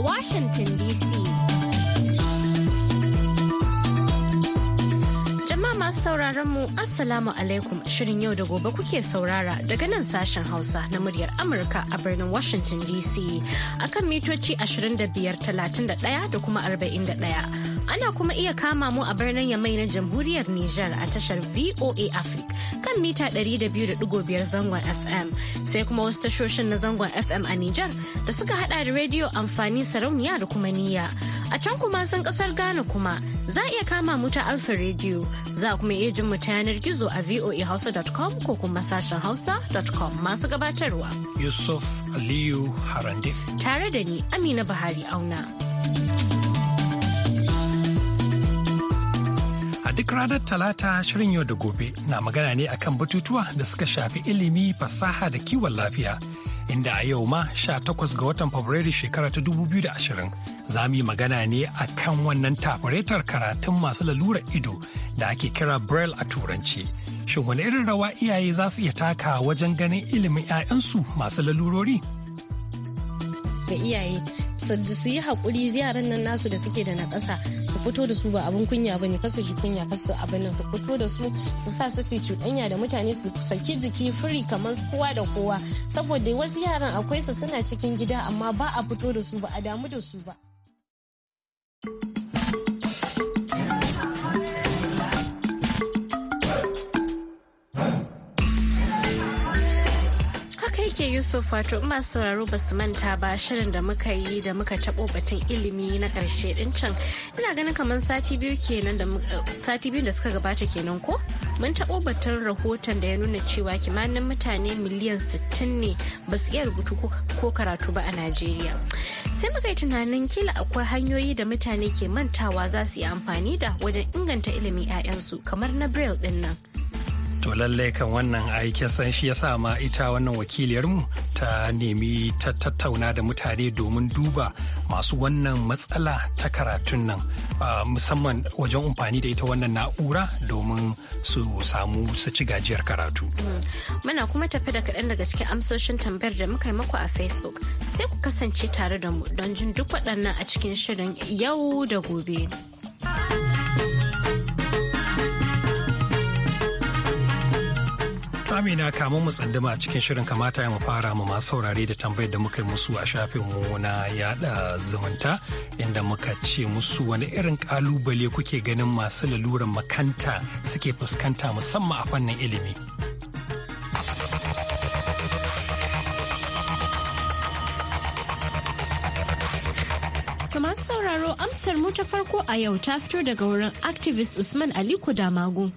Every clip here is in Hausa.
a Washington DC. Jama'a masu sauraron mu Assalamu alaikum shirin yau da gobe kuke saurara daga nan sashen Hausa na muryar Amurka a birnin Washington DC akan mitoci 25, 31 da kuma 41. Ana kuma iya kama mu a birnin Yamai na Jamhuriyar Nijar a tashar VOA Africa kan mita 200.5 zangon FM sai kuma wasu tashoshin na zangon FM a Nijar da suka hada da rediyo amfani sarauniya da kuma niyya. A can kuma sun kasar Ghana kuma za a iya kama mu ta Alfa Radio za kuma iya jin mu ta yanar gizo a voahausa.com ko kuma sashen hausa.com masu gabatarwa. Yusuf Aliyu Harande. Tare da ni Amina Buhari Auna. Duk ranar Talata shirin yau da gobe na magana ne akan batutuwa da suka shafi ilimi, fasaha da kiwon lafiya. Inda a yau ma 18 ga watan Fabrairu shekara ta 2020 za mu yi magana ne a kan wannan tafaretar karatun masu lalura ido da ake kira Braille a Turanci. Shin wani irin rawa iyaye za su iya taka wajen ganin ilimin 'ya'yansu masu lalurori? ga iyaye su yi haƙuri yaran nan nasu da suke da na ƙasa su fito da su ba abin kunya ba kasu ji kunya kasu abin nan su fito da su su sa su cuɗanya da mutane su saki jiki firi kamar kowa da kowa saboda wasu yaran akwai su suna cikin gida amma ba a fito da su ba a damu da su ba. kai ke Yusuf wato in masu sauraro ba su manta ba shirin da muka yi da muka taɓo batun ilimi na ƙarshe ɗin can. Ina ganin kamar sati biyu kenan da eh, sati biyu da suka gabata kenan ko? Mun taɓo batun rahoton da ya nuna cewa kimanin mutane miliyan sittin ne ba su iya rubutu ko karatu ba a Najeriya. Sai muka yi tunanin kila akwai hanyoyi da mutane ke mantawa za su yi amfani da wajen inganta ilimin 'ya'yansu kamar na Braille ɗin nan. To lallai kan wannan aiki san shi sa ma ita wannan wakiliyarmu ta nemi ta tattauna da mutane domin duba masu wannan matsala ta karatun nan musamman wajen amfani da ita wannan na'ura domin su samu su ci gajiyar karatu. Hmm. Muna kuma tafi da kaɗan daga cikin amsoshin tambayar da muka yi muku a Facebook sai ku kasance tare da mu don jin duk waɗannan a cikin shirin yau da gobe. Amina kamu mu a cikin shirin kamata ya mu fara mu masu saurare da tambayar da muka yi musu a shafin mu na yada zumunta inda muka ce musu wani irin kalubale kuke ganin masu laluran makanta suke fuskanta musamman a fannin ilimi. masu sauraro amsar mu ta farko a yau ta fito daga wurin activist Usman Aliko Damagu.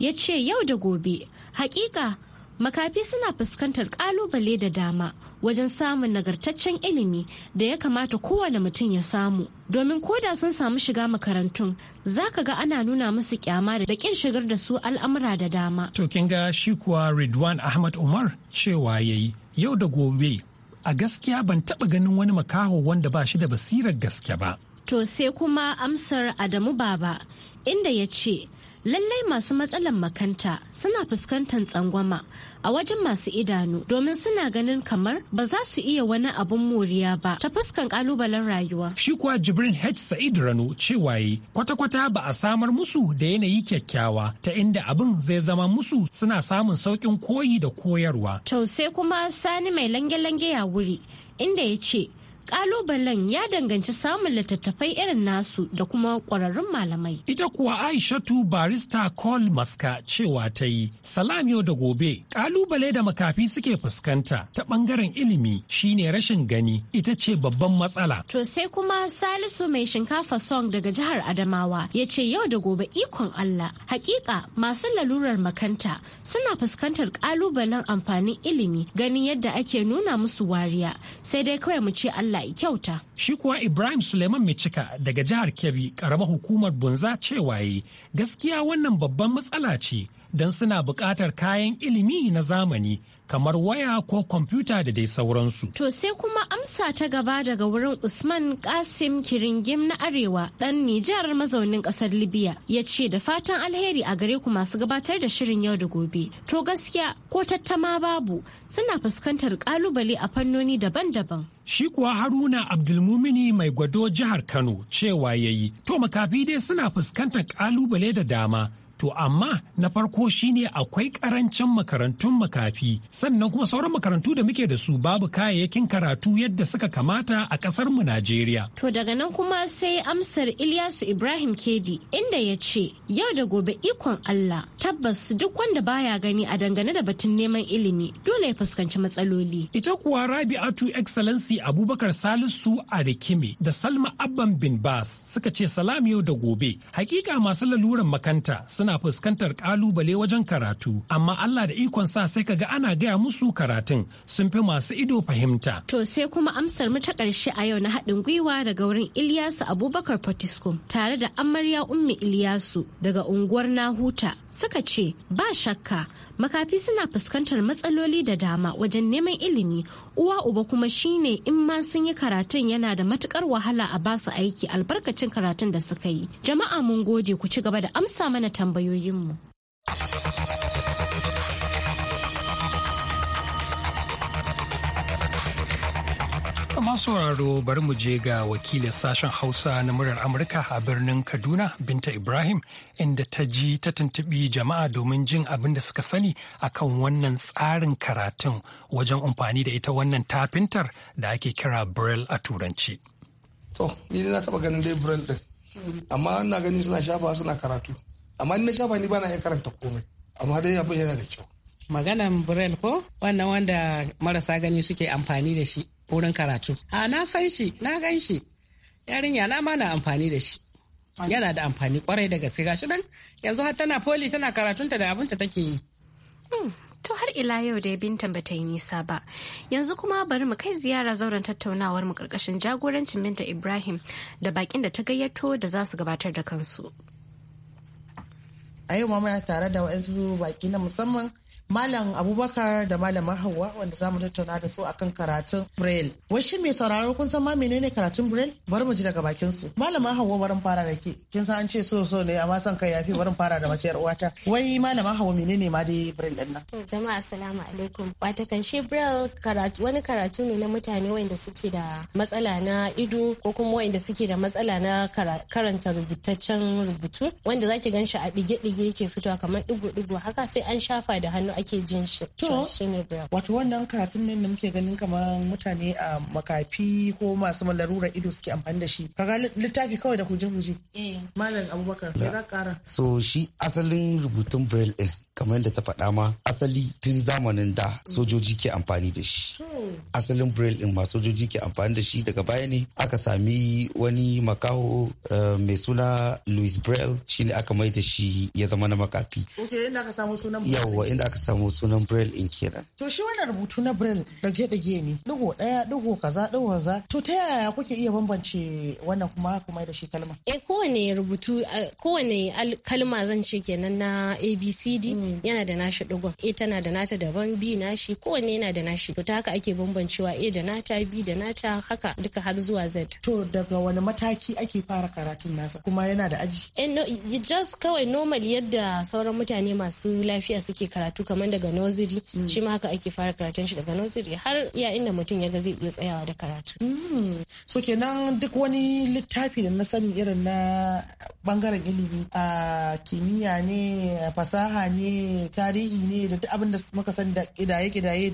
Ya ce yau da gobe Hakika makafi suna fuskantar kalubale da dama wajen samun nagartaccen ilimi da ya kamata kowane mutum ya samu domin koda sun samu shiga makarantun za ka ga ana nuna musu kyama da kin shigar da su al'amura da dama to kin ga shi kuwa ridwan ahmad umar cewa yayi yau da gobe a gaskiya ban taba ganin wani makaho wanda ba shi da basirar gaske ba to sai kuma amsar adamu baba inda ya ce lallai masu matsalar makanta suna fuskantar tsangwama a wajen masu idanu domin suna ganin kamar ba za su iya wani abun moriya ba ta fuskan kalubalen rayuwa. Shi kuwa Jibrin H. Sa'id Rano cewa yi kwata-kwata ba a samar musu da yanayi kyakkyawa ta inda abin zai zama musu suna samun sauƙin koyi da koyarwa. To sai kuma Sani mai lange-lange ya wuri inda ya ce kalubalen ya danganci samun littattafai irin nasu da kuma kwararrun malamai. Ita kuwa Aishatu barista Col Maska cewa ta yi, salam yau da gobe, kalubale da makafi suke fuskanta ta bangaren ilimi shine rashin gani ita ce babban matsala. To sai kuma Salisu mai shinkafa song daga jihar Adamawa ya ce yau da gobe ikon Allah. Hakika masu lalurar makanta suna fuskantar kalubalen amfanin ilimi ganin yadda ake nuna musu wariya. Sai dai kawai mu ce Allah Allah ya kyauta. Shi kuwa Ibrahim Suleiman Micika daga jihar Kebbi karamar hukumar Bunza cewa gaskiya wannan babban matsala ce don suna buƙatar kayan ilimi na zamani kamar waya ko kwamfuta da dai sauransu. To sai kuma amsa ta gaba daga wurin Usman Kasim Kiringim na Arewa ɗan Nijar mazaunin ƙasar Libya ya ce da fatan alheri a gare ku masu gabatar da shirin yau da gobe. To gaskiya ko tattama babu suna fuskantar kalubale a fannoni daban-daban. Shi kuwa Haruna Abdulmumini mai gwado jihar Kano cewa yayi to makafi dai suna fuskantar kalubale da dama To amma na farko shine akwai karancin makarantun makafi sannan kuma sauran makarantu da muke da su babu kayayyakin karatu yadda suka kamata a kasar mu Najeriya. To daga nan kuma sai amsar Ilyasu Ibrahim Kedi inda ya ce yau da gobe ikon Allah tabbas duk wanda baya gani a dangane da batun neman ilimi dole ya fuskanci matsaloli. Ita kuwa Rabi'atu Excellency Abubakar Salisu Arikimi da Salma Abban bin Bas suka ce salam yau da gobe. Hakika masu laluran makanta suna suna fuskantar kalubale wajen karatu amma Allah da ikon sa sai kaga ana gaya musu karatun sun fi masu ido fahimta. To sai kuma amsar mu ta karshe a yau na haɗin gwiwa daga wurin Ilyasu Abubakar Fatiskum tare da Amarya Ummi Ilyasu daga unguwar Nahuta suka ce ba shakka makafi suna fuskantar matsaloli da dama wajen neman ilimi uwa uba kuma shine in ma sun yi karatun yana da matukar wahala a basu aiki albarkacin karatun da suka yi jama'a mun gode ku ci gaba da amsa mana tambayoyinmu. kama masu sauraro bari mu je ga wakilin sashen Hausa na murar Amurka a birnin Kaduna Binta Ibrahim inda ta ji ta tuntuɓi jama'a domin jin abin da suka sani akan wannan tsarin karatun wajen amfani da ita wannan tafintar da ake kira Braille a Turanci. To, ni na taɓa ganin dai Braille din amma na gani suna shafa suna karatu. Amma ni na shafa ni ba na iya karanta komai, amma dai abin yana da kyau. Maganan Braille ko wannan wanda marasa gani suke amfani da shi. wurin karatu a na san shi na gan shi yarinya na mana amfani da shi yana da amfani kwarai da gaske gashi nan yanzu har tana poli tana karatunta da abinta take yi hmm, To har ila yau dai binta bata yi nisa ba. Yanzu kuma bari mu kai ziyara zauren tattaunawar mu karkashin jagorancin Binta Ibrahim da bakin da ta gayyato da za su gabatar da kansu. A yau muna tare da waɗansu baki na musamman Malam Abubakar da Malama Hauwa wanda za mu tattauna da su akan karatun Braille. shi mai sauraro kun san ma menene karatun Braille? Bari mu ji daga bakin su. Malam Hauwa barin fara da ke. Kin san an ce so so ne amma san kai yafi barin fara da mace uwata. Wai Malam Hauwa menene ma dai Braille din nan? To jama'a assalamu alaikum. Wata kan shi Braille karatu wani karatu ne na mutane wanda suke da matsala na ido ko kuma wanda suke da matsala na karanta rubutaccen rubutu wanda zaki gan shi a dige-dige yake fitowa kamar digo-digo haka sai an shafa da hannu ake jin shi to wato wannan karatun nan da muke ganin kamar mutane a makafi ko masu malarura ido suke amfani da shi kaga littafi kawai da huje huje eh. malam abubakar ya kara so shi asalin rubutun braille ɗin kamar yadda ta faɗa ma asali tun zamanin da sojoji ke amfani da shi asalin braille din ma sojoji ke amfani da shi daga baya ne aka sami wani makaho eh, mai suna louis braille shine aka mai da shi ya zama na makafi yawwa samu sunan braille inda aka samu sunan braille in kenan to shi wannan rubutu na braille dage dage ne digo daya digo kaza digo kaza to ta yaya kuke iya bambance wannan kuma kuma da shi kalma eh kowane rubutu eh, kowane kalma zan ce kenan na abcd Mm. yana da nashi digon a tana da nata daban b nashi kowanne yana da nashi to ta haka ake bambancewa a da nata b da nata haka duka har zuwa z to daga wani mataki ake fara karatun nasa kuma yana da aji eh no just kawai normal yadda sauran mutane masu lafiya suke karatu kamar daga nursery mm. shi ma haka ake fara karatun shi daga nursery har iya inda mutum ya ga zai iya tsayawa da karatu mm. so kenan duk wani littafi da na sani irin na bangaren ilimi a kimiyya ne fasaha ne ne eh, tarihi ne da duk abin da muka san da kidaye-kidaye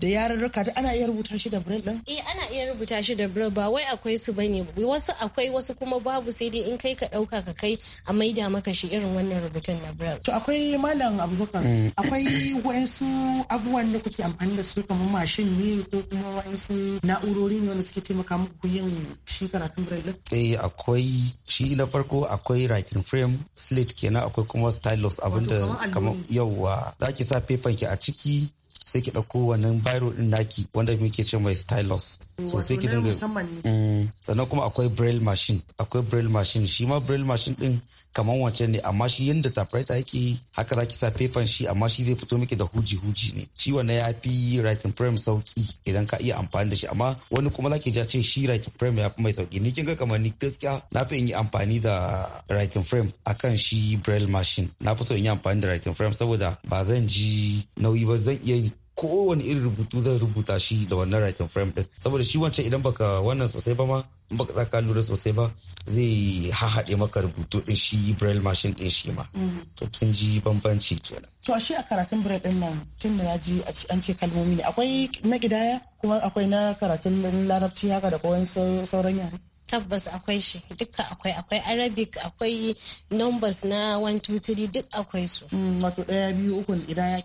da yarurruka da ana iya rubuta shi da braille din? Eh ana iya rubuta shi da braille ba wai akwai su bane wasu akwai wasu kuma babu sai dai in kai ka dauka ka kai a maida maka shi irin wannan rubutun na braille. To akwai malam Abubakar mm. akwai wayansu abubuwan da kuke amfani da su kamar mashin ne ko kuma wayansu na'urori ne wanda suke taimaka muku yin shi karatun braille? Eh akwai shi na farko akwai writing frame slate kenan akwai kuma stylus abinda kamar yauwa za ki sa fefan ki a ciki sai ki ɗauko wannan biro ɗin naki wanda muke ce mai stylus so sai ki dinga mm, sannan kuma akwai braille machine akwai braille machine shi ma braille machine ɗin kamar wancan ne amma shi yadda typewriter yake yi haka zaki sa fefan shi amma shi zai fito miki da huji huji ne shi wannan ya fi writing frame sauki idan ka iya amfani da shi amma wani kuma zaki ja ce shi writing frame ya fi mai sauki ni kin ga kamar ni gaskiya na fi in yi amfani da writing frame akan shi braille machine na fi so in yi amfani da writing frame saboda ba zan ji nauyi ba zan iya kowane irin rubutu zan rubuta shi da wannan writing frame din saboda shi wancan idan baka wannan sosai ba ma in baka ka lura sosai ba zai hahaɗe maka rubutu din shi braille machine din shi ma mm. to kin ji bambanci kenan to shi a karatun braille din nan tun da ji an ce kalmomi ne akwai na gidaya kuma akwai na karatun larabci haka da kowanne sauran yare tabbas akwai shi duka akwai akwai arabic akwai numbers na 123 duk akwai su mm, wato daya biyu uku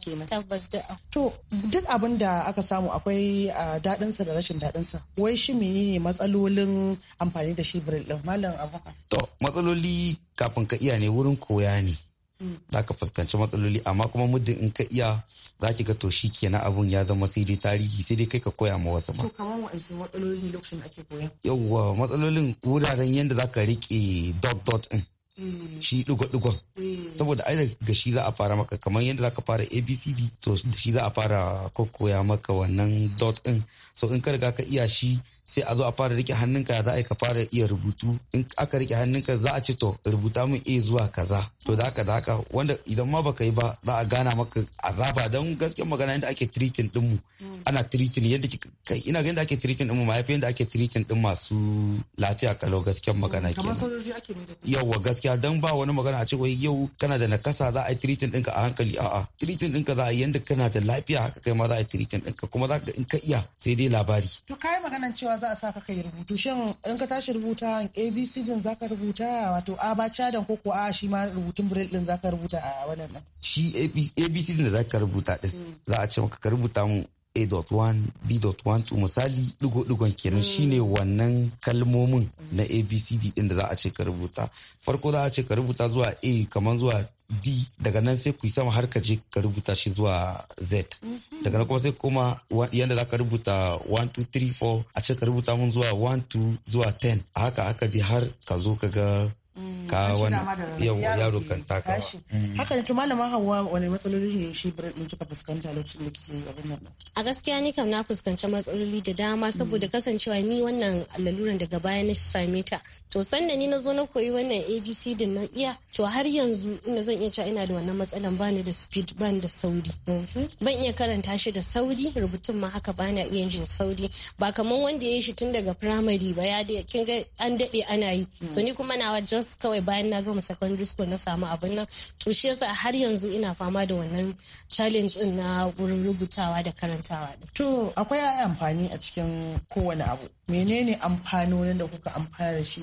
ke na tabbas duk to duk abin da aka samu akwai daɗin sa da rashin daɗin wai shi menene matsalolin amfani da shi braille din malam abubakar to matsaloli kafin ka iya ne wurin koya ne za ka fuskanci matsaloli amma kuma muddin in ka iya za ki ga to shi kenan abun ya zama sai dai tarihi sai dai kai ka koya ma wasu ma. kamar wa'ansu matsalolin lokacin da ake koya. yawwa matsalolin wuraren yadda za ka riƙe dot dot ɗin. Eh. shi ɗigo digon eh. saboda ai ga shi za a fara maka kamar yadda za ka fara abcd to shi za a fara koya maka wannan dot in. so in ka riga ka iya shi sai a zo a fara rike hannunka za a yi ka fara iya rubutu in aka rike hannunka za a ce to rubuta mun a zuwa kaza to da haka da haka wanda idan ma baka yi ba za a gana maka azaba don gaskiyar magana yadda ake treating din mu mm. ana treating yadda kai ina ga yadda ake treating din mu ma yadda ake treating din masu lafiya kalau gaskiyar magana mm, kenan yawa gaskiya dan ba wani magana a ce wai yau kana da nakasa za a yi treating dinka a hankali a'a treating dinka za a yi yadda kana da lafiya haka kai ma za a yi treating dinka kuma za ka in ka iya sai dai labari to kai maganan cewa cewa za a ka kai rubutu shin in ka tashi rubuta abc din ka rubuta wato a ba cadan ko ko a shi ma rubutun braille din ka rubuta a wannan shi abc din da zaka rubuta din hmm. za a ce maka ka rubuta mu a.1b.1 misali digo-digon kenan shine wannan kalmomin na abcd ɗin da za a ce ka rubuta farko za a ce ka rubuta zuwa a kamar zuwa d daga nan sai ku sama har ka je ka rubuta shi zuwa z daga nan kuma sai kuma yadda za ka rubuta 1 2 3 4 a ce ka rubuta mun zuwa 1 2 zuwa 10 a haka haka je har ka zo ka ga ka wani yaro kan taka haka ne to malama hawa wani matsaloli ne shi kika fuskanta lokacin da abin nan a gaskiya ni kam na fuskanci matsaloli da dama saboda kasancewa ni wannan laluran daga baya na same ta to sanda ni na zo na koyi wannan abc din na iya to har yanzu ina zan iya cewa ina da wannan matsalan bani da speed bani da sauri mhm. ban iya karanta shi da sauri rubutun ma haka bana iya jin sauri ba kamar wanda ya yi shi tun daga primary ba ya kin ga an daɗe ana yi to ni kuma nawa just kawai kawai bayan na gama secondary school na samu abin nan to shi yasa har yanzu ina fama da wannan challenge din na wurin rubutawa da karantawa to akwai amfani a cikin kowane abu menene amfanonin da kuka amfana da shi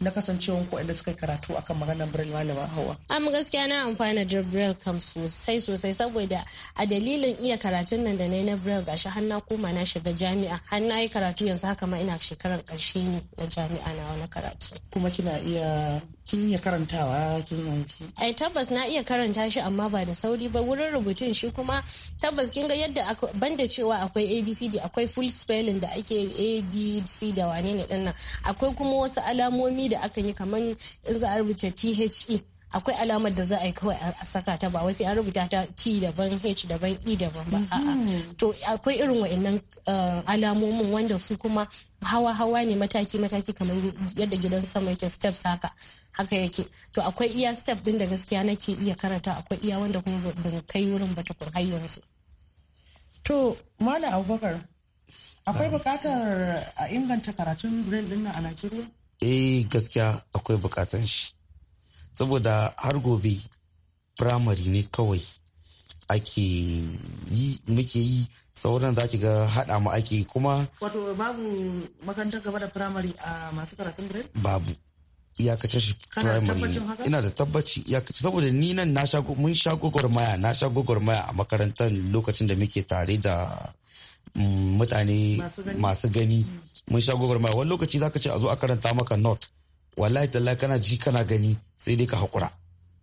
na kasancewan ku inda suka karatu akan maganar Braille malama Hawa. Am gaskiya na amfana da Braille kam sosai sosai saboda a dalilin iya karatun nan da na na Braille gashi har na koma na shiga jami'a har na yi karatu yanzu haka ma ina shekarar ƙarshe ne na jami'a na wani karatu. Kuma kina iya kin iya karantawa kin ai tabbas na iya karanta shi amma ba da sauri ba wurin rubutun shi kuma tabbas kin ga yadda banda cewa akwai abcd akwai full spelling da ake abc da wane ne dinnan akwai kuma wasu alamomi da aka yi kamar in za a rubuta the akwai alamar da za a yi kawai a saka ta ba wasu sai an rubuta ta T daban H daban E daban ba a'a mm-hmm. to akwai irin wa'annan uh, alamomin wanda su kuma hawa hawa ne mataki mataki kamar yadda gidan sama yake steps haka haka yake to akwai iya step din da gaskiya nake iya karanta akwai iya wanda kuma ban kai wurin ba tukun har yanzu to malam abubakar akwai bukatar a inganta karatun brain din a Najeriya eh gaskiya akwai bukatan shi saboda har gobe firamare ne kawai ake yi muke yi sauran za ki ga haɗa mu ake kuma wato babu makarantar gaba da firamare a masu karatun grade babu iyakacin shi primary ina da tabbaci iyakacin saboda ni nan na sha mun sha gwagwarmaya na sha gwagwarmaya a makarantar lokacin da muke tare da mm, mutane masu gani mm. mun sha gwagwarmaya wani lokaci zaka ce a zo a karanta maka not wallahi tallahi kana ji kana gani sai dai ka hakura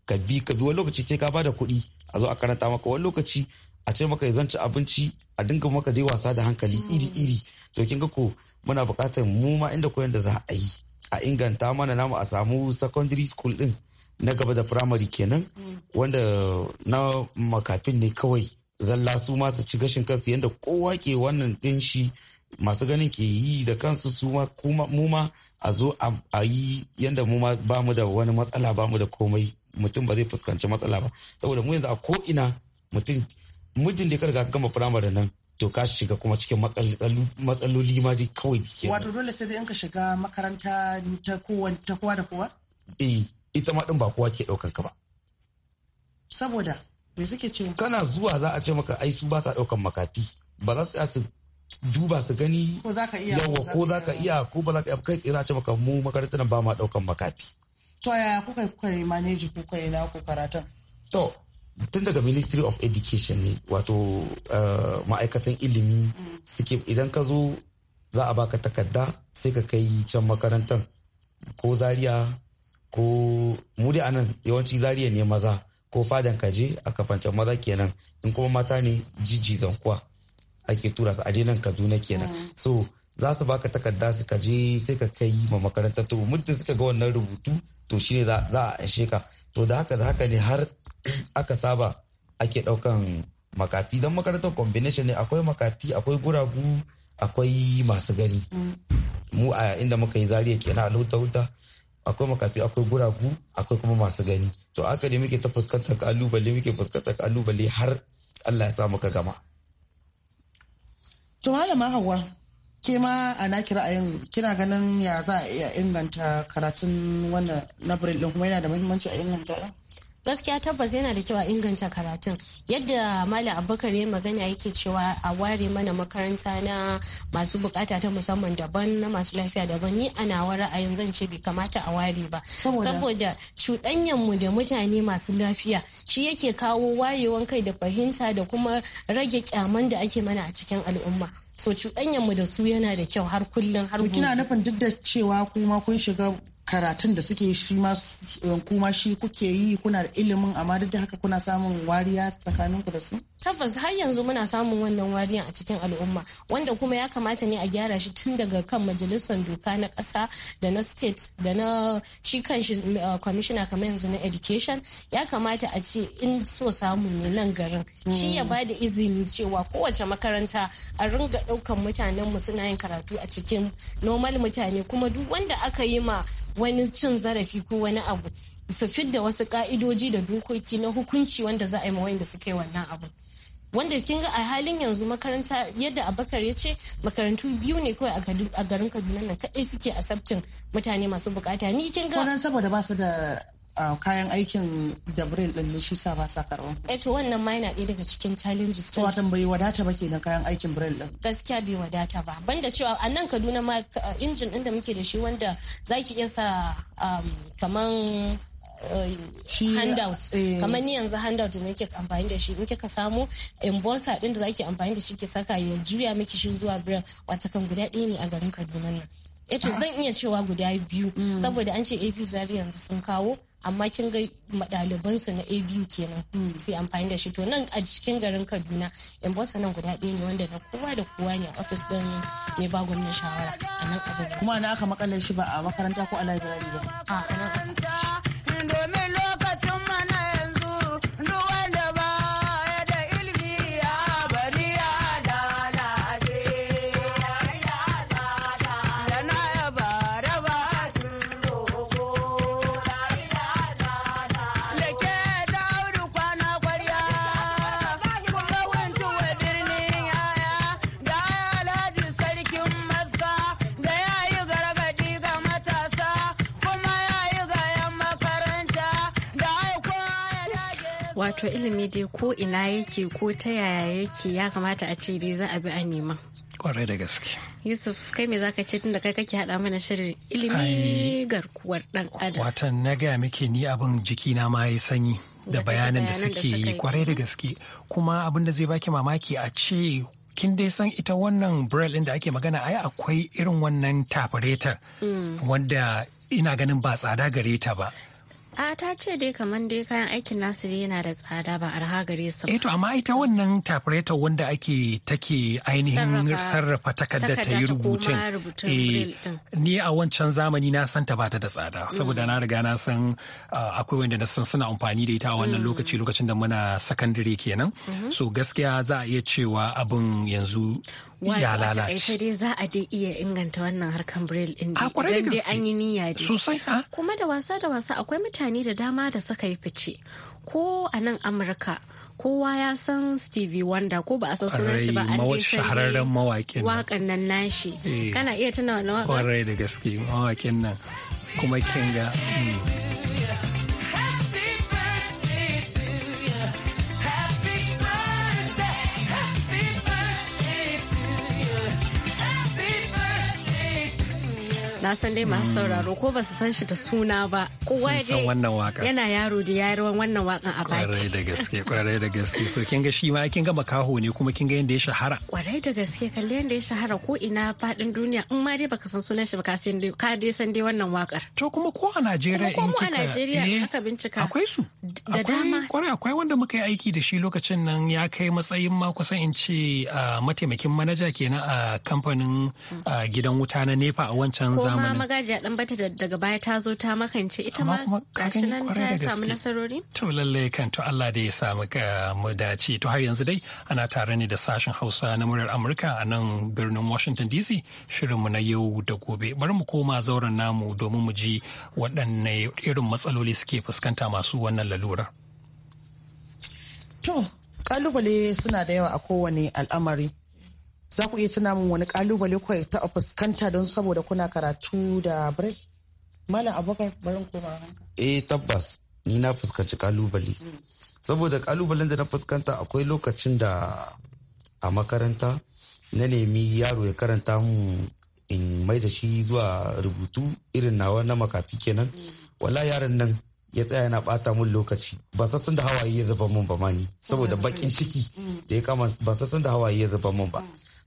ka bi ka bi wani lokaci sai ka bada kuɗi a zo a karanta maka wani lokaci a ce maka zan ci abinci a dinga maka dai wasa da hankali hmm. iri iri to kin ga ko muna buƙatar mu ma inda koyon da za a yi a inganta mana namu a samu secondary school din na gaba da primary kenan hmm. wanda na makafin ne kawai zalla su ma su ci gashin kansu yadda kowa ke wannan din shi masu ganin ke yi da kansu su ma mu ma a zo a yi yadda mu ba mu da wani matsala ba mu da komai mutum ba zai fuskanci matsala ba saboda mu yanzu a ko ina mutum muddin da ka riga gama firamare nan to ka shiga kuma cikin matsaloli ma ji kawai ke wato dole sai dai in ka shiga makaranta ta kowa da kowa eh ita ma din ba kowa ke daukar ka ba saboda me suke cewa kana zuwa za a ce maka ai su ba sa daukan makafi ba za su duba su gani yawa ko za ka iya ko ba za ka iya kai tsaye za ce maka mu makarantar ba ma daukan makafi. To yaya kuka kuka yi maneji kuka yi naku karatun? To tun daga Ministry of Education ne wato eh, ma'aikatan ilimi suke idan ka zo za a baka takarda sai ka kai can makarantar ko zaria ko muri anan yawanci zaria ne maza ko fadan kaje a kafancan maza kenan in kuma mata ne jiji zankuwa ake tura su a nan kaduna kenan mm. so za su baka takarda su ka je sai ka kai ma makaranta to muddin suka ga wannan rubutu to shine za a anshe ka to da haka da haka ne har aka saba ake daukan makafi don makarantar combination ne akwai makafi akwai guragu akwai masu gani mm. mu a inda muka yi zariya kenan a lauta wuta akwai makafi akwai guragu akwai kuma masu gani to aka ne muke ta fuskantar kalubale muke fuskantar kalubale har Allah ya sa muka gama To malama Hauwa, ke ma ana kira a yin kina ganin ya za a iya inganta karatun wannan na din kuma yana da muhimmanci a inganta gaskiya tabbas yana da kyau a inganta karatun yadda malam abubakar ya magana yake cewa a ware mana makaranta na masu bukata ta musamman daban na masu lafiya daban ni a nawa ra'ayin zan ce bai kamata a ware ba saboda cuɗanyan mu da mutane masu lafiya shi yake kawo wayewan kai da fahimta da kuma rage kyaman da ake mana a cikin al'umma so cuɗanyan mu da su yana da kyau har kullum har kina nufin duk da cewa kuma kun shiga karatun da suke shi masu eh, kuma shi kuke yi kuna da ilimin amma duk da haka kuna samun wariya tsakaninku da su tabbas har yanzu muna samun wannan wariyan a cikin al'umma wanda kuma ya kamata ne a gyara shi tun daga kan majalisar doka na ƙasa da na state da na shi kan shi eh, kwamishina kamar yanzu na education ya kamata a ce in so samu ne nan garin shi ya mm. ba da izini cewa kowace makaranta a ringa ɗaukan mutanen mu suna yin karatu a cikin normal mutane kuma duk wanda aka yi ma wani cin zarafi ko wani abu su fidda wasu ka'idoji da dokoki na hukunci wanda za a yi ma wanda suka yi wannan abu wanda kin ga a halin yanzu makaranta yadda abakar ya ce makarantu biyu ne kawai a garin kaduna nan kaɗai suke a asabtin mutane masu bukata ni kin ga saboda ba su da kayan aikin da jabril din ne shi sa ba sa karban Eh to wannan ma yana ɗaya daga cikin challenges to watan bai wadata ba kenan kayan aikin braille din gaskiya bai wadata ba banda cewa a nan Kaduna ma injin din da muke da shi wanda zaki iya sa um, kaman handout eh. kamar ni yanzu handout da nake amfani da shi in kika samu embossa din da zaki amfani da shi ki saka ya juya miki shi zuwa braille wata kan guda ɗaya ne a garin Kaduna nan yace eh zan iya cewa guda biyu mm. saboda an ce APU zari yanzu sun kawo amma kin ga mm. su na abu kenan sai amfani da shi to nan a cikin garin kaduna yan nan guda ɗaya ne wanda na kowa da kowa ne a ofis ɗin ne ba gwamnan shawara a nan abin kuma na aka makalar shi ba a makaranta ko a library ba a nan wato ilimi dai ko ina yake ko ta yaya yake ya kamata a ce dai za a bi a neman kwarai da gaske yusuf kai me zaka ce tunda kai kake hada mana shirin ilimi garkuwar dan adam watan na gaya muke ni abin jiki na ma ya sanyi da bayanan da suke yi kwarai da mm-hmm. gaske kuma abin da zai baki mamaki a ce kin dai san ita wannan braille da ake magana ai akwai irin wannan tafareta mm. wanda ina ganin ba tsada gare ta ba a ta ce dai kamar dai kayan aikin nasu yana da tsada ba arha gare su Eto eh amma ita wannan tafureta wanda ake take ainihin sarrafa takarda ta yi rubutun eh, ni a wancan zamani na san ta bata da tsada mm. saboda na riga na san akwai wanda na san suna amfani da ita a wannan mm. lokaci lokacin da muna sakandare kenan mm-hmm. so gaskiya za a iya cewa abin yanzu ya lalace sai dai za a dai iya inganta wannan harkan braille din a kwarai da an yi niyya sosai ha kuma da wasa da wasa akwai mutane da dama da suka yi fice ko a nan amurka kowa ya san stevie wonder ko ba a san sunan shi ba an dai shahararren mawaƙin nan nashi eh. kana iya tuna wannan wakan kwarai da gaske mawaƙin nan kuma kinga hmm. na san dai masu hmm. sauraro ko ba su san shi da suna ba kowa dai yana yaro da ya wannan wakan a baki kwarai da gaske kwarai da gaske so kin ga shi ma kin ga makaho ne kuma kin ga yanda ya shahara kwarai da gaske kalle yanda ya shahara ko ina fadin duniya in ma dai baka san sunan shi ba ka san dai ka dai san dai wannan wakar to kuma ko a Najeriya in kika a Najeriya eh, aka bincika akwai su da dama kwarai akwai wanda muka yi aiki da shi lokacin nan ya kai matsayin ma kusan in ce ah, mataimakin manaja kenan a kamfanin hmm. ah, gidan wuta na nepa a wancan zamani ita ma magajiya dan bata daga baya ta zo ta makance ita ma gashi nan ta samu nasarori to lalle kan to Allah da ya samu mu dace to har yanzu dai ana tare ne da sashen Hausa na muryar Amurka a nan birnin Washington DC shirin mu na yau da gobe bari mu koma zauren namu domin mu ji waɗanne irin matsaloli suke fuskanta masu wannan lalura to kalubale suna da yawa a kowane al'amari za ku iya tuna min wani kalubale ku taɓa fuskanta don saboda kuna karatu da break malam abubakar barin koma eh tabbas ni na fuskanci kalubale saboda kalubalen da na fuskanta akwai lokacin da a makaranta na nemi yaro ya karanta mu in mai da shi zuwa rubutu irin nawa na makafi kenan wala yaron nan ya tsaya yana bata mun lokaci ba sassan da hawaye ya zuba mun ba mani saboda bakin ciki da ya kama ba sassan da hawaye ya zuba mun ba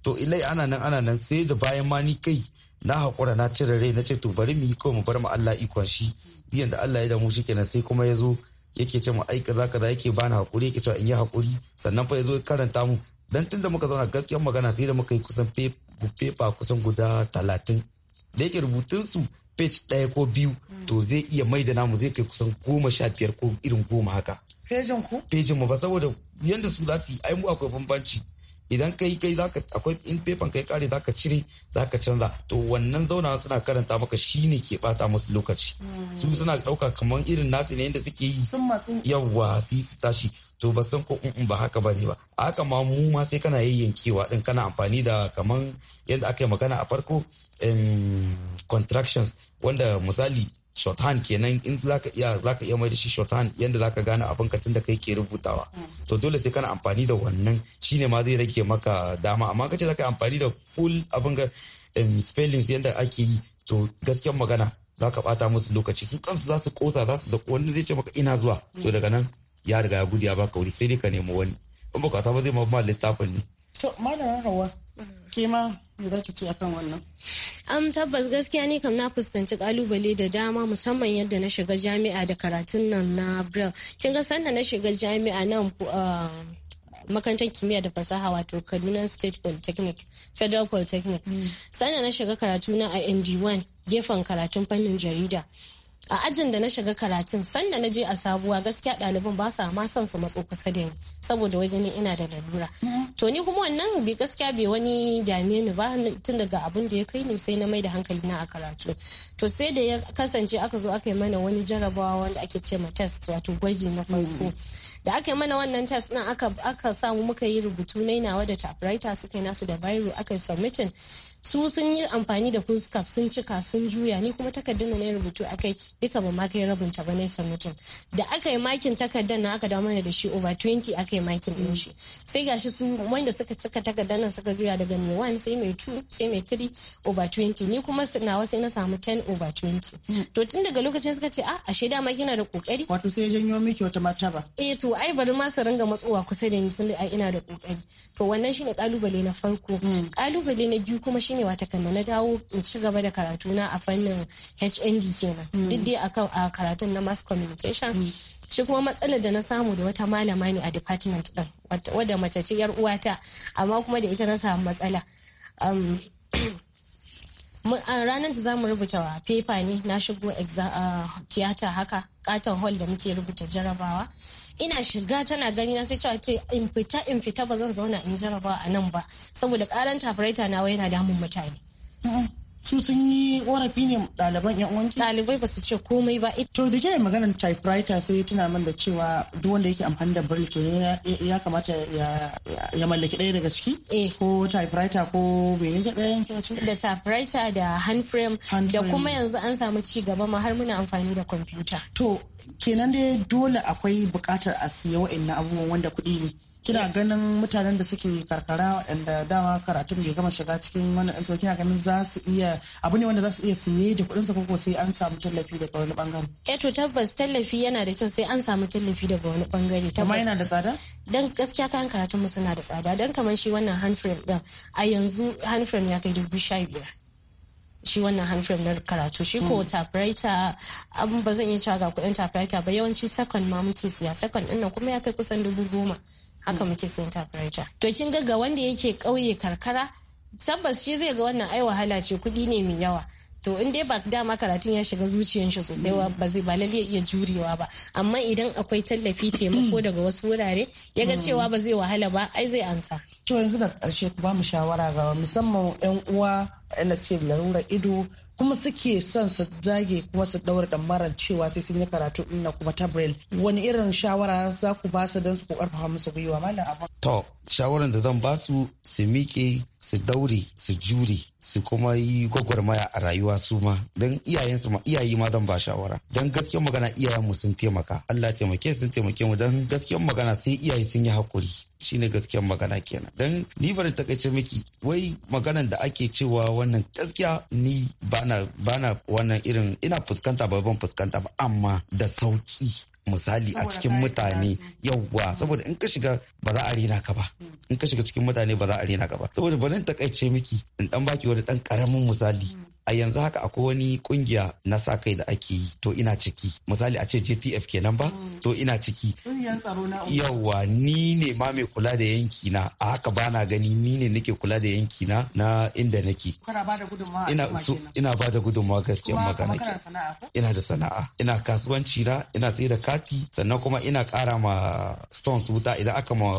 to ilai ana nan ana nan sai da bayan ma ni kai na haƙura na cire rai na ce to bari mu yi kawai mu bar mu Allah ikon shi biyan da Allah ya damu shi kenan sai kuma ya zo yake ce mu ai kaza kaza yake bani haƙuri yake cewa in yi hakuri sannan fa ya zo karanta mu dan tunda muka zauna gaskiyar magana sai da muka yi kusan fefa kusan guda talatin da yake rubutun su page ɗaya ko biyu to zai iya mai da namu zai kai kusan goma sha biyar ko irin goma haka. Pejin ku? Pejin mu ba saboda yanda su za su yi ai mu akwai bambanci. idan kai kai zaka akwai in fefan kai kare zaka cire zaka canza to wannan zauna suna karanta maka shi ne ke bata musu lokaci su mm. suna dauka kamar irin nasu ne yadda suke yi yawa su su tashi to ba san ko in ba haka ba ne ba haka ma mu ma sai kana yayyankewa din kana amfani da kamar yadda aka yi magana a farko contractions wanda misali shorthand kenan in zaka iya zaka iya mai da shi shorthand yanda zaka gane abin ka tunda kai ke rubutawa to dole sai kana amfani da wannan shine ma zai rage maka dama amma kace zaka amfani da full abin ga spellings yanda ake yi to gaskiyar magana zaka bata musu lokaci su kansu za su kosa za su zako wani zai ce maka ina zuwa to daga nan ya riga ya gudu ya baka wuri sai dai ka nemi wani in baka ba zai ma littafin ne To, malamar Hauwa, ke ma me za ce akan wannan? Am tabbas gaskiya ne kam na fuskanci kalubale da dama musamman yadda na shiga jami'a da karatun nan na Brown. Kin ga sanda na shiga jami'a nan um, makarantar kimiyya da fasaha wato Kaduna State Polytechnic, Federal Polytechnic. Mm. Sanda na shiga karatu na a 1 gefen karatun fannin jarida. a ajin da na shiga karatun sanda na je a sabuwa gaskiya ɗaliban ba sa ma son su matso kusa da ni saboda wai ganin ina da lalura to ni kuma wannan bai gaskiya bai wani dame ni ba tun daga abin da ya kai ni sai na mai da hankali na a karatu to sai da ya kasance aka zo aka yi mana wani jarabawa wanda ake ce ma test wato gwaji na farko da aka yi mana wannan test din aka samu muka yi rubutu na nawa da typewriter suka yi nasu da biro aka yi submitting su sun yi amfani da fuskaf sun cika sun juya ni kuma takardar na rubutu akai duka ba ma kai rabin ta ba na submitin da aka yi makin takardar na aka dawo mana da shi over 20 aka yi makin din shi sai gashi su wanda suka cika takardar nan suka juya daga mai 1 sai mai 2 sai mai 3 over 20 ni kuma na sai na samu 10 over 20 to tun daga lokacin suka ce ah ashe dama kina da kokari wato sai janyo miki wata martaba eh to ai bari ma su ringa matsowa kusa da ni tun da ina da kokari to wannan shine kalubale na farko kalubale mm. na biyu kuma shine wata kan na dawo in ci gaba da karatu na a fannin HND kenan hmm. duk dai a karatun na mass communication hmm. shi kuma matsalar da na samu da wata malama ne a department din wadda mace ce yar uwata amma kuma da ita na samu matsala ranar da zamu rubuta wa fefa ne na shigo tiyata haka katon hall da muke rubuta jarabawa ina shiga tana gani na sai cewa ta in fita in fita ba zan zauna in ba a nan ba saboda karanta tafaraita na yana damun mutane mm-hmm. su sun yi ƙorafi ne ɗaliban yan uwanki ɗalibai ba su ce komai ba to da ke maganar typewriter sai tuna min da cewa duk wanda yake amfani da braille ke ya kamata ya mallaki ɗaya daga ciki eh. ko typewriter ko me yake ɗaya yanke da typewriter da hand frame da kuma yanzu an samu ci gaba ma har muna amfani da kwamfuta to kenan dai dole akwai buƙatar a siya wa'annan abubuwan wanda kuɗi ne kina ganin mutanen da suke karkara waɗanda dama karatun bai gama shiga cikin wani ɗan kina ganin za su iya abu ne wanda za su iya siye da su koko sai an samu tallafi daga wani bangare. eh to tabbas tallafi yana da kyau sai an samu tallafi daga wani bangare. kuma yana da tsada? dan gaskiya kayan karatun mu suna da tsada dan kamar shi wannan hand frame ɗin a yanzu hand frame ya kai dubu sha biyar. shi wannan handframe na karatu shi ko hmm. typewriter abin ba zan iya cewa ga kuɗin typewriter ba yawanci second ma muke siya second ɗin kuma ya kai kusan dubu goma. Aka muke sayan takarja to kin ga wanda yake kauye karkara tabbas shi zai ga wannan ai wahala ce kuɗi ne mai yawa to in dai ba dama karatun ya shiga zuciyar shi sosai ba zai ba iya jurewa ba amma idan akwai tallafi taimako daga wasu wurare ya ga cewa ba zai wahala ba ai zai ansa to yanzu da karshe ku ba mu shawara ga musamman yan uwa waɗanda suke da larurar ido kuma suke son su zage kuma su daura ɗammarar cewa sai sun yi karatu ina kuma ta wani irin shawara za ku ba su don su ko karfafa musu gwiwa malam abu to shawaran da zan ba su su miƙe su daure su jure su kuma yi gwagwarmaya a rayuwa su ma don iyayensu ma iyayi ma zan ba shawara don gaskiyar magana iyayenmu sun taimaka Allah taimake sun taimake mu don gaskiyar magana sai iyaye sun yi hakuri shine gaskiyar magana kenan don ni bari takaice miki wai maganan da ake cewa wannan gaskiya ni bana bana wannan irin ina fuskanta ba ban fuskanta ba amma da sauki misali a cikin mutane yauwa saboda in ka shiga ba za a rena ka ba in ka shiga cikin mutane ba za a rena ka ba saboda bari in takaice miki in dan baki wani dan karamin misali a yanzu haka akwai wani kungiya na sa kai da ake yi to ina ciki misali a ce JTF kenan ba to ina ciki yawa ni ne ma mai kula da yanki na a haka bana gani ni ne nake kula da yanki na na inda nake ina ina ba da gudunmawa gaskiya magana ina da sana'a ina kasuwanci na ina sai da kati sannan kuma ina kara ma stones wuta idan aka ma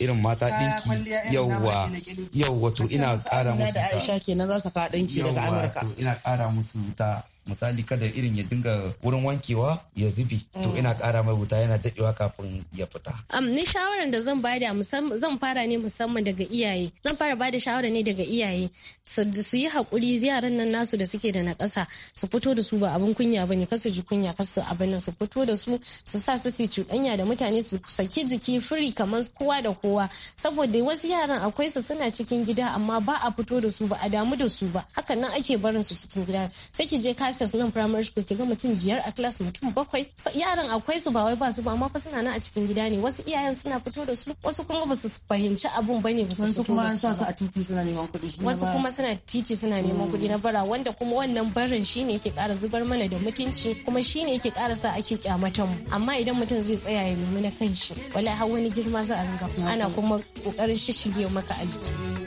irin mata dinki yawwa yawwa to ina tsara musu ta. Aisha kenan za su ka daga Amurka. Ina tsara musu ta misali kada irin ya dinga wurin wankewa ya zubi to mm. ina kara mai wuta yana dadewa kafin ya fita ni shawaran da zan bada zan fara ne musamman daga iyaye zan fara bada shawara ne daga iyaye su yi hakuri yaran nan nasu da suke da na ƙasa su fito da su ba abin kunya bane kasu ji kunya kasu abin nan su fito da su su sa su ci cuɗanya da mutane su saki jiki firi kamar kowa da kowa saboda wasu yaran akwai su suna cikin gida amma ba a fito da su ba a damu da su ba hakan nan ake barin su cikin gida sai ki je ka masters nan primary school kiga mutum biyar a class mutum bakwai yaran akwai su ba wai ba su ba amma fa suna nan a cikin gida ne wasu iyayen suna fito da su wasu kuma ba su fahimci abun ba su wasu kuma sa su a titi suna neman kuɗi wasu kuma suna titi suna neman kuɗi na bara wanda kuma wannan barin shine yake ƙara zubar mana da mutunci kuma shine yake ƙara sa ake kyamatan mu amma idan mutum zai tsaya ya nemi na kanshi wallahi har wani girma za a ringa ana kuma ƙoƙarin shishige maka a jiki.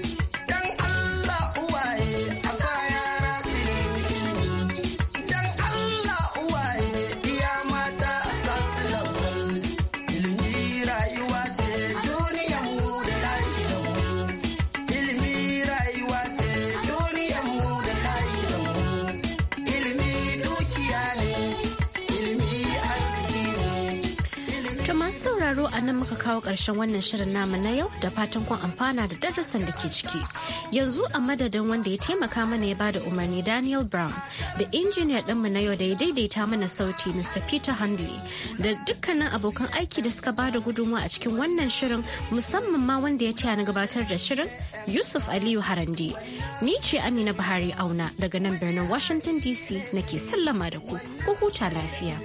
a nan muka kawo ƙarshen wannan shirin namu na yau da fatan kun amfana da darasin da ke ciki. Yanzu a madadin wanda ya taimaka mana ya bada umarni Daniel Brown da injiniya ɗinmu na yau da ya daidaita mana sauti Mr. Peter Handley da dukkanin abokan aiki da suka bada gudunmawa a cikin wannan shirin musamman ma wanda ya taya na gabatar da shirin Yusuf Aliyu Harande. Ni ce Amina Buhari Auna daga nan birnin Washington DC nake sallama da ku. Ku huta lafiya.